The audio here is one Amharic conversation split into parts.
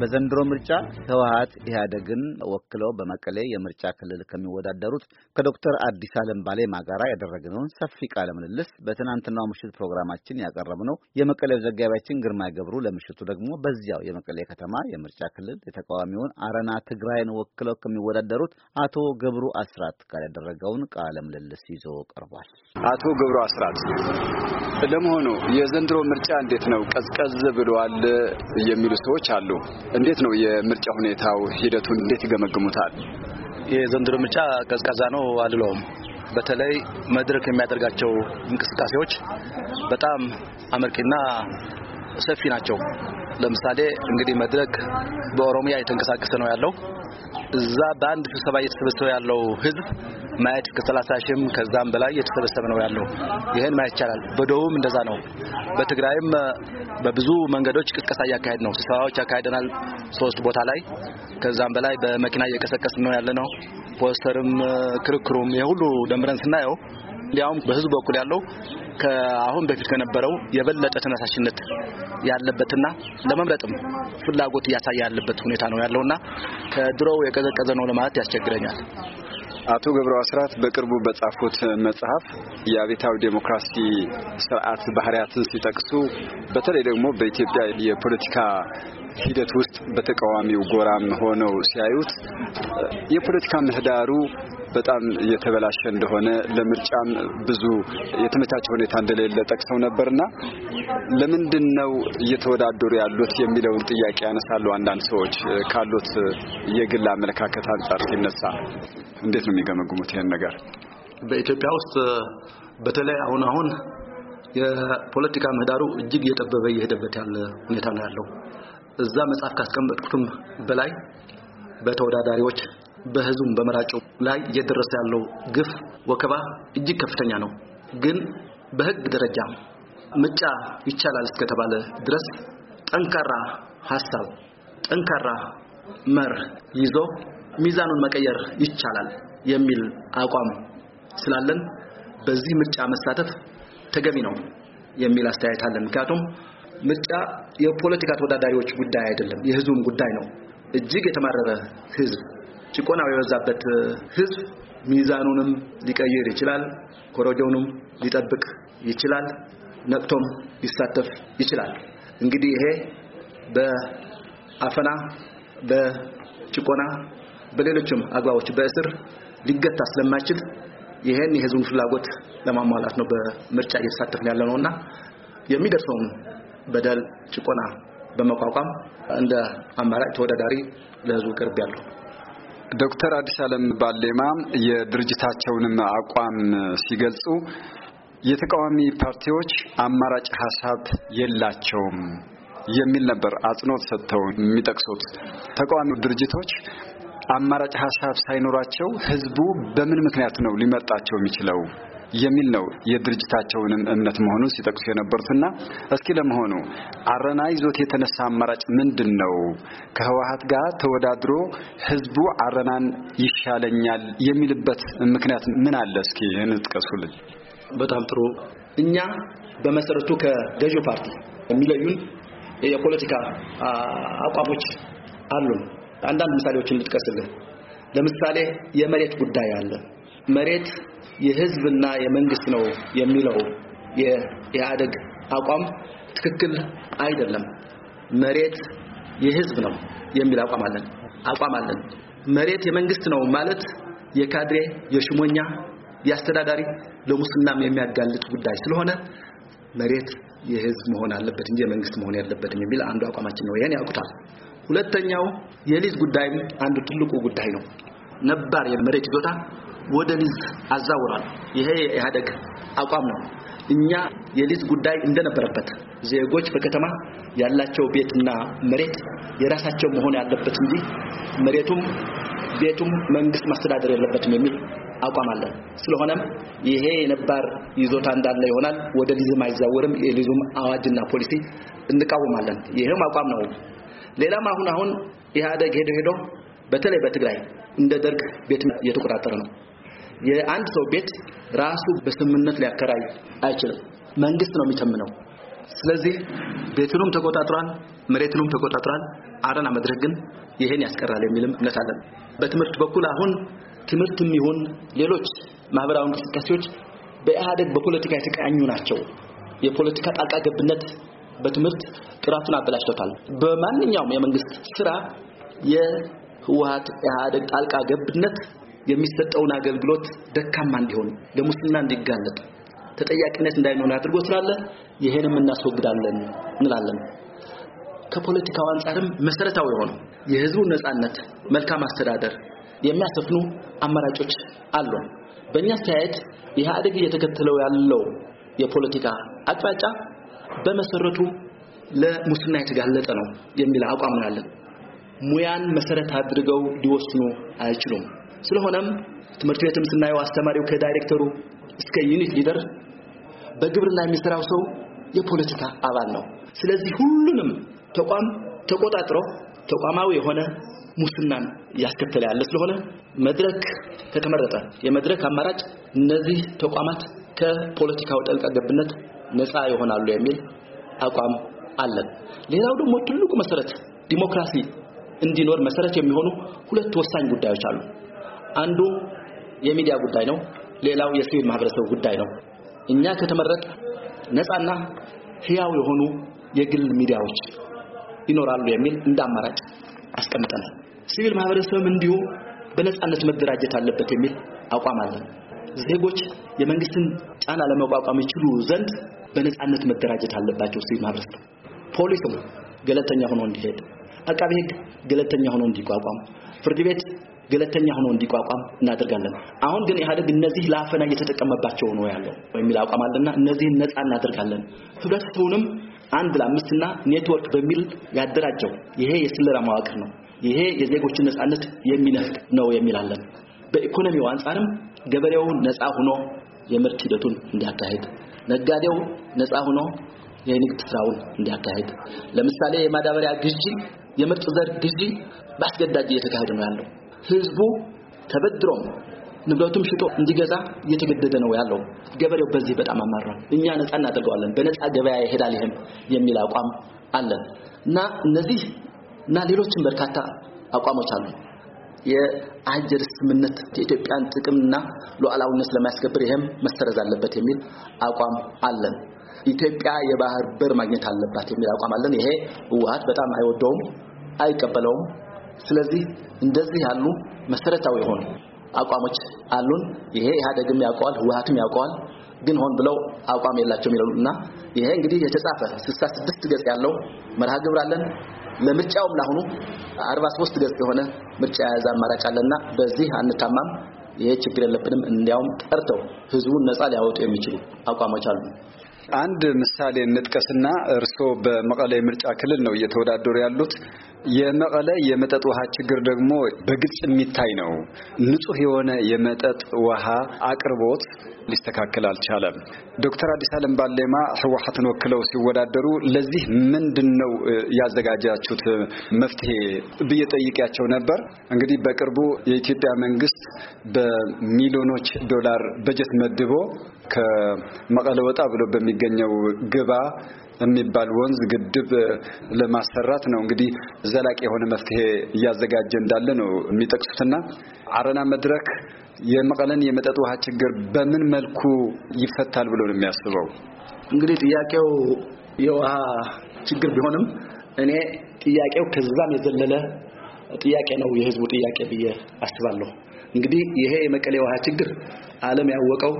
በዘንድሮ ምርጫ ህወሀት ኢህአደግን ወክለው በመቀሌ የምርጫ ክልል ከሚወዳደሩት ከዶክተር አዲስ አለም ባሌማ ጋር ያደረግነውን ሰፊ ቃለ ምልልስ በትናንትናው ምሽት ፕሮግራማችን ያቀረብነው የመቀሌው ዘጋቢያችን ግርማ ገብሩ ለምሽቱ ደግሞ በዚያው የመቀሌ ከተማ የምርጫ ክልል የተቃዋሚውን አረና ትግራይን ወክለው ከሚወዳደሩት አቶ ገብሩ አስራት ጋር ያደረገውን ቃለ ምልልስ ይዞ ቀርቧል። አቶ ገብሩ አስራት ለመሆኑ የዘንድሮ ምርጫ እንዴት ነው? ቀዝቀዝ ብሏል የሚሉ ሰዎች አሉ። እንዴት ነው የምርጫ ሁኔታው? ሂደቱን እንዴት ይገመግሙታል? የዘንድሮ ምርጫ ቀዝቃዛ ነው አልለውም። በተለይ መድረክ የሚያደርጋቸው እንቅስቃሴዎች በጣም አመርቂና ሰፊ ናቸው። ለምሳሌ እንግዲህ መድረክ በኦሮሚያ የተንቀሳቀሰ ነው ያለው። እዛ በአንድ ስብሰባ እየተሰበሰበ ያለው ህዝብ ማየት እስከ 30 ሺህም ከዛም በላይ እየተሰበሰበ ነው ያለው። ይህን ማየት ይቻላል። በደቡብም እንደዛ ነው። በትግራይም በብዙ መንገዶች ቅስቀሳ እያካሄድ ነው። ስብሰባዎች ያካሄደናል ሶስት ቦታ ላይ ከዛም በላይ በመኪና እየቀሰቀስ ነው ያለ ነው። ፖስተርም ክርክሩም የሁሉ ደምረን ስናየው ሊያውም በህዝቡ በኩል ያለው ከአሁን በፊት ከነበረው የበለጠ ተነሳሽነት ያለበትና ለመምረጥም ፍላጎት እያሳየ ያለበት ሁኔታ ነው ያለውና ከድሮው የቀዘቀዘ ነው ለማለት ያስቸግረኛል። አቶ ገብረ አስራት በቅርቡ በጻፉት መጽሐፍ የአቤታዊ ዴሞክራሲ ስርዓት ባህሪያትን ሲጠቅሱ በተለይ ደግሞ በኢትዮጵያ የፖለቲካ ሂደት ውስጥ በተቃዋሚው ጎራም ሆነው ሲያዩት የፖለቲካ ምህዳሩ በጣም እየተበላሸ እንደሆነ ለምርጫም ብዙ የተመቻቸ ሁኔታ እንደሌለ ጠቅሰው ነበርና ለምንድን ነው እየተወዳደሩ ያሉት የሚለውን ጥያቄ ያነሳሉ አንዳንድ ሰዎች ካሉት የግል አመለካከት አንጻር ሲነሳ እንዴት ነው የሚገመግሙት ይህን ነገር? በኢትዮጵያ ውስጥ በተለይ አሁን አሁን የፖለቲካ ምህዳሩ እጅግ እየጠበበ እየሄደበት ያለ ሁኔታ ነው ያለው። እዛ መጽሐፍ ካስቀመጥኩትም በላይ በተወዳዳሪዎች በህዝቡም በመራጩ ላይ እየደረሰ ያለው ግፍ፣ ወከባ እጅግ ከፍተኛ ነው። ግን በህግ ደረጃ ምርጫ ይቻላል እስከተባለ ድረስ ጠንካራ ሀሳብ፣ ጠንካራ መርህ ይዞ ሚዛኑን መቀየር ይቻላል የሚል አቋም ስላለን በዚህ ምርጫ መሳተፍ ተገቢ ነው የሚል አስተያየት አለን። ምክንያቱም ምርጫ የፖለቲካ ተወዳዳሪዎች ጉዳይ አይደለም፣ የህዝቡም ጉዳይ ነው። እጅግ የተማረረ ህዝብ ጭቆናው የበዛበት ህዝብ ሚዛኑንም ሊቀይር ይችላል። ኮረጆውንም ሊጠብቅ ይችላል። ነቅቶም ሊሳተፍ ይችላል። እንግዲህ ይሄ በአፈና በጭቆና በሌሎችም አግባቦች በእስር ሊገታ ስለማይችል ይሄን የህዝቡን ፍላጎት ለማሟላት ነው በምርጫ እየተሳተፍን ያለ ነውና የሚደርሰውን በደል ጭቆና በመቋቋም እንደ አማራጭ ተወዳዳሪ ለህዝቡ ቅርብ ያለው ዶክተር አዲስ አለም ባሌማ የድርጅታቸውንም አቋም ሲገልጹ የተቃዋሚ ፓርቲዎች አማራጭ ሀሳብ የላቸውም የሚል ነበር አጽንኦት ሰጥተው የሚጠቅሱት። ተቃዋሚ ድርጅቶች አማራጭ ሀሳብ ሳይኖራቸው ህዝቡ በምን ምክንያት ነው ሊመርጣቸው የሚችለው? የሚል ነው የድርጅታቸውንም እምነት መሆኑን ሲጠቅሱ የነበሩትና እስኪ ለመሆኑ አረና ይዞት የተነሳ አማራጭ ምንድን ነው? ከህወሀት ጋር ተወዳድሮ ህዝቡ አረናን ይሻለኛል የሚልበት ምክንያት ምን አለ? እስኪ እንጥቀሱልኝ። በጣም ጥሩ። እኛ በመሰረቱ ከገዢው ፓርቲ የሚለዩን የፖለቲካ አቋሞች አሉን። አንዳንድ ምሳሌዎችን ልጥቀስልህ። ለምሳሌ የመሬት ጉዳይ አለ። መሬት የህዝብና የመንግስት ነው የሚለው የኢህአደግ አቋም ትክክል አይደለም። መሬት የህዝብ ነው የሚል አቋም አለን አቋም አለን። መሬት የመንግስት ነው ማለት የካድሬ የሽሞኛ የአስተዳዳሪ ለሙስናም የሚያጋልጥ ጉዳይ ስለሆነ መሬት የህዝብ መሆን አለበት እንጂ የመንግስት መሆን ያለበትም የሚል አንዱ አቋማችን ነው። ይሄን ያውቁታል። ሁለተኛው የሊዝ ጉዳይም አንዱ ትልቁ ጉዳይ ነው። ነባር የመሬት ይዞታ ወደ ሊዝ አዛውራል ይሄ የኢህአደግ አቋም ነው። እኛ የሊዝ ጉዳይ እንደነበረበት ዜጎች በከተማ ያላቸው ቤትና መሬት የራሳቸው መሆን ያለበት እንጂ መሬቱም ቤቱም መንግስት ማስተዳደር የለበትም የሚል አቋም አለ። ስለሆነም ይሄ የነባር ይዞታ እንዳለ ይሆናል፣ ወደ ሊዝም አይዛወርም። የሊዙም አዋጅና ፖሊሲ እንቃወማለን። ይሄም አቋም ነው። ሌላም አሁን አሁን ኢህአደግ ሄዶ ሄዶ በተለይ በትግራይ እንደ ደርግ ቤት እየተቆጣጠረ ነው። የአንድ ሰው ቤት ራሱ በስምምነት ሊያከራይ አይችልም። መንግስት ነው የሚተምነው። ስለዚህ ቤቱንም ተቆጣጥሯል፣ መሬቱንም ተቆጣጥሯል። አረና መድረክ ግን ይሄን ያስቀራል የሚልም እምነት አለን። በትምህርት በኩል አሁን ትምህርት ይሁን ሌሎች ማህበራዊ እንቅስቃሴዎች በኢህአደግ በፖለቲካ የተቃኙ ናቸው። የፖለቲካ ጣልቃ ገብነት በትምህርት ጥራቱን አበላሽቶታል። በማንኛውም የመንግስት ስራ የህወሀት ኢህአደግ ጣልቃ ገብነት የሚሰጠውን አገልግሎት ደካማ እንዲሆን ለሙስና እንዲጋለጥ ተጠያቂነት እንዳይኖር አድርጎ ስላለ ይሄንም እናስወግዳለን እንላለን። ከፖለቲካው አንጻርም መሰረታዊ የሆነው የህዝቡ ነጻነት፣ መልካም አስተዳደር የሚያሰፍኑ አማራጮች አሉ። በእኛ አስተያየት ኢህአዴግ እየተከተለው ያለው የፖለቲካ አቅጣጫ በመሰረቱ ለሙስና የተጋለጠ ነው የሚል አቋም አለን። ሙያን መሰረት አድርገው ሊወስኑ አይችሉም። ስለሆነም ትምህርት ቤትም ስናየው አስተማሪው ከዳይሬክተሩ እስከ ዩኒት ሊደር በግብርና የሚሰራው ሰው የፖለቲካ አባል ነው። ስለዚህ ሁሉንም ተቋም ተቆጣጥሮ ተቋማዊ የሆነ ሙስናን እያስከተለ ያለ ስለሆነ መድረክ ከተመረጠ የመድረክ አማራጭ እነዚህ ተቋማት ከፖለቲካው ጠልቃ ገብነት ነፃ ይሆናሉ የሚል አቋም አለን። ሌላው ደግሞ ትልቁ መሰረት ዲሞክራሲ እንዲኖር መሰረት የሚሆኑ ሁለት ወሳኝ ጉዳዮች አሉ። አንዱ የሚዲያ ጉዳይ ነው፣ ሌላው የሲቪል ማህበረሰብ ጉዳይ ነው። እኛ ከተመረጥ ነፃና ህያው የሆኑ የግል ሚዲያዎች ይኖራሉ የሚል እንደ አማራጭ አስቀምጠናል። ሲቪል ማህበረሰብም እንዲሁ በነፃነት መደራጀት አለበት የሚል አቋም አለን። ዜጎች የመንግስትን ጫና ለመቋቋም ይችሉ ዘንድ በነፃነት መደራጀት አለባቸው። ሲቪል ማህበረሰብ ፖሊስም ገለልተኛ ሆኖ እንዲሄድ፣ አቃቤ ህግ ገለልተኛ ሆኖ እንዲቋቋም፣ ፍርድ ቤት ገለልተኛ ሆኖ እንዲቋቋም እናደርጋለን። አሁን ግን ኢህአዴግ እነዚህ ለአፈና እየተጠቀመባቸው ነው ያለው የሚል አቋም አለና እነዚህን ነፃ እናደርጋለን። ህብረተሰቡንም አንድ ለአምስትና ኔትወርክ በሚል ያደራጀው ይሄ የስለላ መዋቅር ነው። ይሄ የዜጎችን ነፃነት የሚነፍቅ ነው የሚላለን። በኢኮኖሚው አንጻርም ገበሬው ነፃ ሆኖ የምርት ሂደቱን እንዲያካሄድ፣ ነጋዴው ነፃ ሆኖ የንግድ ስራውን እንዲያካሄድ ለምሳሌ የማዳበሪያ ግዢ፣ የምርጥ ዘር ግዢ በአስገዳጅ እየተካሄደ ነው ያለው። ህዝቡ ተበድሮም ንብረቱም ሽጦ እንዲገዛ እየተገደደ ነው ያለው። ገበሬው በዚህ በጣም አማራል። እኛ ነፃ እናደርገዋለን፣ በነፃ ገበያ ይሄዳል ይሄም የሚል አቋም አለን እና እነዚህ እና ሌሎችም በርካታ አቋሞች አሉ። የአጀር ስምምነት የኢትዮጵያን ጥቅምና ሉዓላዊነት ስለማያስከብር ይሄም መሰረዝ አለበት የሚል አቋም አለን። ኢትዮጵያ የባህር በር ማግኘት አለባት የሚል አቋም አለን። ይሄ ህወሓት በጣም አይወደውም፣ አይቀበለውም። ስለዚህ እንደዚህ ያሉ መሰረታዊ የሆኑ አቋሞች አሉን። ይሄ ኢህአዴግም ያውቀዋል፣ ህወሓትም ያውቀዋል። ግን ሆን ብለው አቋም የላቸውም ይላሉና ይሄ እንግዲህ የተጻፈ 66 ገጽ ያለው መርሃ ግብር አለን። ለምርጫውም ላሁኑ 43 ገጽ የሆነ ምርጫ የያዘ አማራጭ አለና በዚህ አንታማም። ይሄ ችግር የለብንም። እንዲያውም ጠርተው ህዝቡን ነፃ ሊያወጡ የሚችሉ አቋሞች አሉ። አንድ ምሳሌ እንጥቀስና እርስዎ በመቀለ ምርጫ ክልል ነው እየተወዳደሩ ያሉት። የመቀለ የመጠጥ ውሃ ችግር ደግሞ በግልጽ የሚታይ ነው። ንጹህ የሆነ የመጠጥ ውሃ አቅርቦት ሊስተካከል አልቻለም። ዶክተር አዲስ አለም ባሌማ ህወሀትን ወክለው ሲወዳደሩ ለዚህ ምንድን ነው ያዘጋጃችሁት መፍትሄ ብዬ ጠይቄያቸው ነበር። እንግዲህ በቅርቡ የኢትዮጵያ መንግስት በሚሊዮኖች ዶላር በጀት መድቦ ከመቀለ ወጣ ብሎ በሚገኘው ግባ የሚባል ወንዝ ግድብ ለማሰራት ነው እንግዲህ ዘላቂ የሆነ መፍትሄ እያዘጋጀ እንዳለ ነው የሚጠቅሱትና አረና መድረክ የመቀለን የመጠጥ ውሃ ችግር በምን መልኩ ይፈታል ብሎ ነው የሚያስበው? እንግዲህ ጥያቄው የውሃ ችግር ቢሆንም እኔ ጥያቄው ከዛም የዘለለ ጥያቄ ነው፣ የህዝቡ ጥያቄ ብዬ አስባለሁ። እንግዲህ ይሄ የመቀሌ ውሃ ችግር ዓለም ያወቀው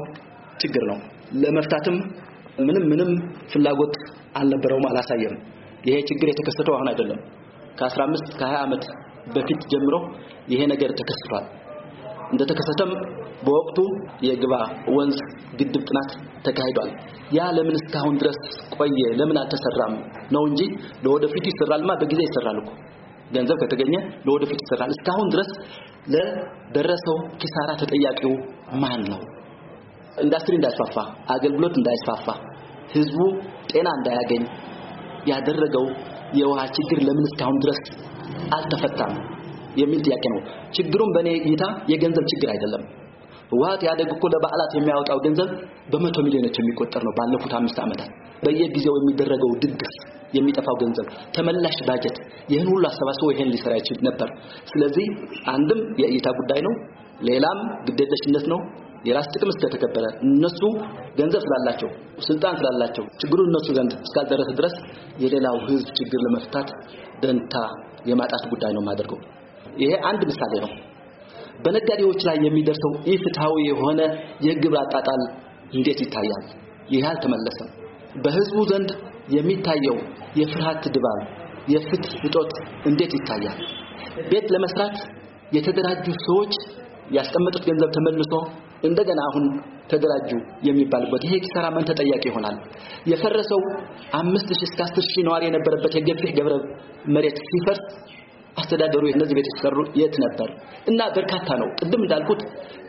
ችግር ነው። ለመፍታትም ምንም ምንም ፍላጎት አልነበረውም፣ አላሳየም። ይሄ ችግር የተከሰተው አሁን አይደለም። ከ15 ከ20 ዓመት በፊት ጀምሮ ይሄ ነገር ተከስቷል። እንደተከሰተም በወቅቱ የግባ ወንዝ ግድብ ጥናት ተካሂዷል። ያ ለምን እስካሁን ድረስ ቆየ? ለምን አልተሰራም? ነው እንጂ ለወደፊቱ ይሰራልማ በጊዜ ይሰራል እኮ ገንዘብ ከተገኘ ለወደፊት ይሰራል። እስካሁን ድረስ ለደረሰው ኪሳራ ተጠያቂው ማን ነው? ኢንዱስትሪ እንዳይስፋፋ፣ አገልግሎት እንዳይስፋፋ ህዝቡ ጤና እንዳያገኝ ያደረገው የውሃ ችግር ለምን እስካሁን ድረስ አልተፈታም የሚል ጥያቄ ነው። ችግሩም በእኔ እይታ የገንዘብ ችግር አይደለም። ህወሓት ያደግ እኮ ለበዓላት የሚያወጣው ገንዘብ በመቶ ሚሊዮኖች የሚቆጠር ነው። ባለፉት አምስት ዓመታት በየጊዜው የሚደረገው ድግስ፣ የሚጠፋው ገንዘብ፣ ተመላሽ ባጀት፣ ይህን ሁሉ አሰባስቦ ይህን ሊሰራ ይችል ነበር። ስለዚህ አንድም የእይታ ጉዳይ ነው፣ ሌላም ግዴለሽነት ነው፣ የራስ ጥቅም እስከተከበረ እነሱ ገንዘብ ስላላቸው ስልጣን ስላላቸው ችግሩ እነሱ ዘንድ እስካልደረሰ ድረስ የሌላው ህዝብ ችግር ለመፍታት ደንታ የማጣት ጉዳይ ነው የማደርገው። ይሄ አንድ ምሳሌ ነው። በነጋዴዎች ላይ የሚደርሰው ኢፍትሃዊ የሆነ የግብር አጣጣል እንዴት ይታያል? ይህ አልተመለሰም። በህዝቡ ዘንድ የሚታየው የፍርሃት ድባብ፣ የፍትህ እጦት እንዴት ይታያል? ቤት ለመስራት የተደራጁ ሰዎች ያስቀመጡት ገንዘብ ተመልሶ እንደገና አሁን ተደራጁ የሚባልበት ይሄ ኪሳራ ማን ተጠያቂ ይሆናል? የፈረሰው 5000 እስከ 10000 ነዋሪ የነበረበት የገፊሕ ገብረ መሬት ሲፈርስ አስተዳደሩ እነዚህ ቤቶች ሰሩ የት ነበር? እና በርካታ ነው። ቅድም እንዳልኩት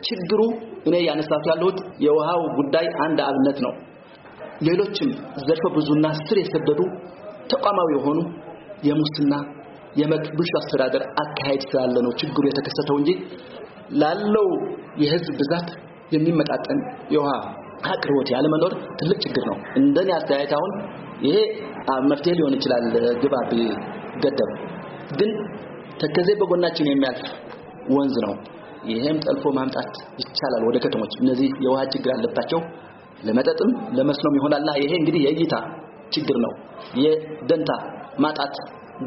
ችግሩ እኔ ያነሳሁት ያለሁት የውሃው ጉዳይ አንድ አብነት ነው። ሌሎችም ዘርፈ ብዙና ስር የሰደዱ ተቋማዊ የሆኑ የሙስና የመቅብሽ አስተዳደር አካሄድ ስላለ ነው ችግሩ የተከሰተው እንጂ ላለው የህዝብ ብዛት የሚመጣጠን የውሃ አቅርቦት ያለመኖር ትልቅ ችግር ነው። እንደኔ አስተያየት አሁን ይሄ መፍትሄ ሊሆን ይችላል ግባ ቢገደብ፣ ግን ተከዜ በጎናችን የሚያልፍ ወንዝ ነው። ይሄም ጠልፎ ማምጣት ይቻላል ወደ ከተሞች። እነዚህ የውሃ ችግር አለባቸው ለመጠጥም ለመስኖም ይሆናልና ይሄ እንግዲህ የእይታ ችግር ነው የደንታ ማጣት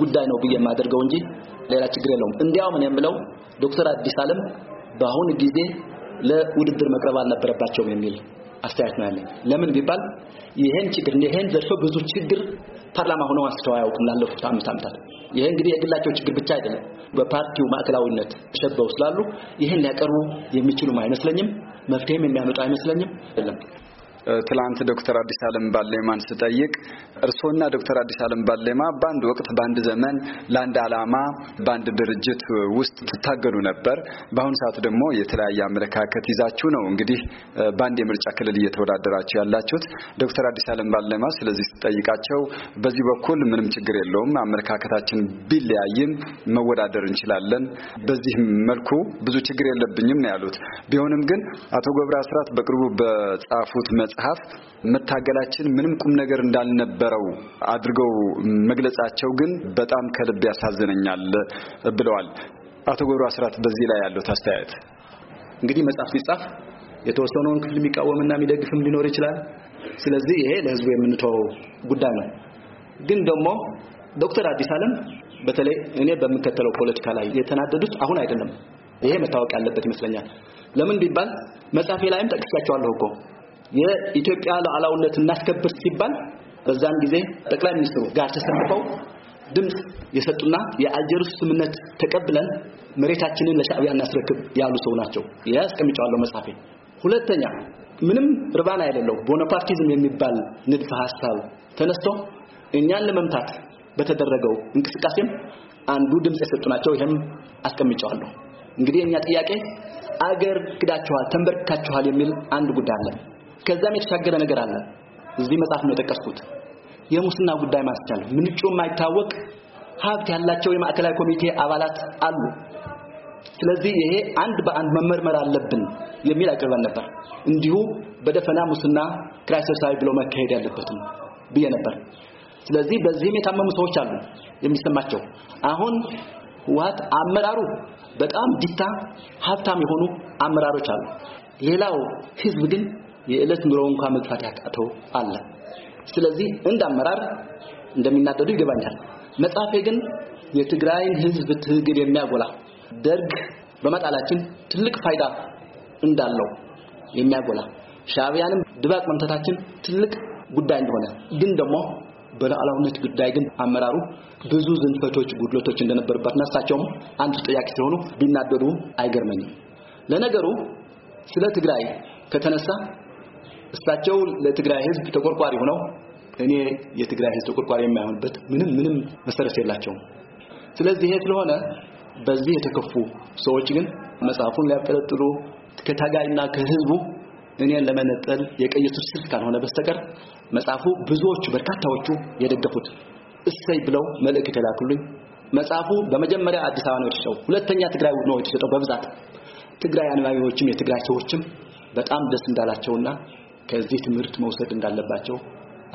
ጉዳይ ነው ብዬ የማደርገው እንጂ ሌላ ችግር የለውም። እንዲያውም ምን የምለው ዶክተር አዲስ አለም በአሁን ጊዜ ለውድድር መቅረብ አልነበረባቸውም የሚል አስተያየት ነው ያለኝ። ለምን ቢባል ይሄን ችግር ይሄን ዘርፈ ብዙ ችግር ፓርላማ ሆነው አንስተው አያውቁም ላለፉት አምስት ዓመታት። ይሄ እንግዲህ የግላቸው ችግር ብቻ አይደለም፣ በፓርቲው ማዕከላዊነት ተሸበው ስላሉ ይሄን ሊያቀርቡ የሚችሉም አይመስለኝም፣ መፍትሄም የሚያመጡ አይመስለኝም። ትላንት ዶክተር አዲስ አለም ባሌማን ስጠይቅ እርሶና ዶክተር አዲስ አለም ባሌማ በአንድ ወቅት በአንድ ዘመን ለአንድ አላማ በአንድ ድርጅት ውስጥ ትታገሉ ነበር። በአሁኑ ሰዓት ደግሞ የተለያየ አመለካከት ይዛችሁ ነው እንግዲህ በአንድ የምርጫ ክልል እየተወዳደራችሁ ያላችሁት። ዶክተር አዲስ አለም ባሌማ ስለዚህ ስጠይቃቸው በዚህ በኩል ምንም ችግር የለውም አመለካከታችን ቢለያይም መወዳደር እንችላለን። በዚህ መልኩ ብዙ ችግር የለብኝም ነው ያሉት። ቢሆንም ግን አቶ ገብረ አስራት በቅርቡ በጻፉት መጽሐፍ መታገላችን ምንም ቁም ነገር እንዳልነበረው አድርገው መግለጻቸው ግን በጣም ከልብ ያሳዝነኛል ብለዋል። አቶ ገብሩ አስራት በዚህ ላይ ያሉት አስተያየት እንግዲህ መጽሐፍ ሲጻፍ የተወሰነውን ክፍል የሚቃወምና የሚደግፍም ሊኖር ይችላል። ስለዚህ ይሄ ለህዝቡ የምንተው ጉዳይ ነው። ግን ደግሞ ዶክተር አዲስ ዓለም በተለይ እኔ በምከተለው ፖለቲካ ላይ የተናደዱት አሁን አይደለም። ይሄ መታወቅ ያለበት ይመስለኛል። ለምን ቢባል መጽሐፌ ላይም ጠቅሻቸዋለሁ እኮ የኢትዮጵያ ሉዓላዊነት እናስከብር ሲባል በዛን ጊዜ ጠቅላይ ሚኒስትሩ ጋር ተሰልፈው ድምጽ የሰጡና የአልጀርስ ስምምነት ተቀብለን መሬታችንን ለሻዕቢያ እናስረክብ ያሉ ሰው ናቸው። ያስቀምጫለሁ መጻፌ። ሁለተኛ ምንም ርባና አይደለው ቦናፓርቲዝም የሚባል ንድፈ ሐሳብ ተነስቶ እኛን ለመምታት በተደረገው እንቅስቃሴም አንዱ ድምጽ የሰጡ ናቸው። ይሄም አስቀምጫለሁ። እንግዲህ እኛ ጥያቄ አገር ክዳችኋል፣ ተንበርክካችኋል የሚል አንድ ጉዳይ አለ። ከዛም የተሻገረ ነገር አለ። እዚህ መጽሐፍ ነው የጠቀስኩት። የሙስና ጉዳይ ማስቻል ምንጩ የማይታወቅ ሀብት ያላቸው የማዕከላዊ ኮሚቴ አባላት አሉ። ስለዚህ ይሄ አንድ በአንድ መመርመር አለብን የሚል አቅርበን ነበር። እንዲሁ በደፈና ሙስና ኪራይ ብሎ መካሄድ ያለበትም ብዬ ነበር። ስለዚህ በዚህም የታመሙ ሰዎች አሉ የሚሰማቸው። አሁን ህወሓት አመራሩ በጣም ዲታ ሀብታም የሆኑ አመራሮች አሉ። ሌላው ህዝብ ግን የዕለት ኑሮው እንኳን መግፋት ያቃተው አለ። ስለዚህ እንደ አመራር እንደሚናደዱ ይገባኛል። መጽሐፌ ግን የትግራይን ህዝብ ትግል የሚያጎላ ደርግ በመጣላችን ትልቅ ፋይዳ እንዳለው የሚያጎላ ሻቢያንም ድባቅ መምታታችን ትልቅ ጉዳይ እንደሆነ ግን ደግሞ በሉዓላዊነት ጉዳይ ግን አመራሩ ብዙ ዝንፈቶች፣ ጉድለቶች እንደነበርባትና እሳቸውም አንድ ጥያቄ ሲሆኑ ቢናደዱ አይገርመኝም። ለነገሩ ስለ ትግራይ ከተነሳ እሳቸው ለትግራይ ህዝብ ተቆርቋሪ ሆነው እኔ የትግራይ ህዝብ ተቆርቋሪ የማይሆንበት ምንም ምንም መሰረት የላቸውም። ስለዚህ ይሄ ስለሆነ በዚህ የተከፉ ሰዎች ግን መጽሐፉን ሊያጠለጥሉ ከታጋይና ከህዝቡ እኔን ለመነጠል የቀየሱት ስልት ካልሆነ በስተቀር መጽሐፉ ብዙዎቹ በርካታዎቹ የደገፉት እሰይ ብለው መልእክት የተላክሉኝ። መጽሐፉ በመጀመሪያ አዲስ አበባ ነው የተሸጠው፣ ሁለተኛ ትግራይ ነው የተሸጠው በብዛት ትግራይ አንባቢዎችም የትግራይ ሰዎችም በጣም ደስ እንዳላቸውና ከዚህ ትምህርት መውሰድ እንዳለባቸው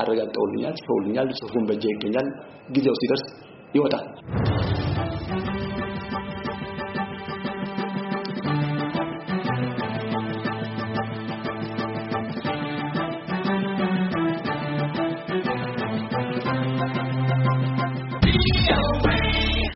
አረጋግጠውልኛል፣ ጽፈውልኛል። ጽሁፉን በእጄ ይገኛል። ጊዜው ሲደርስ ይወጣል።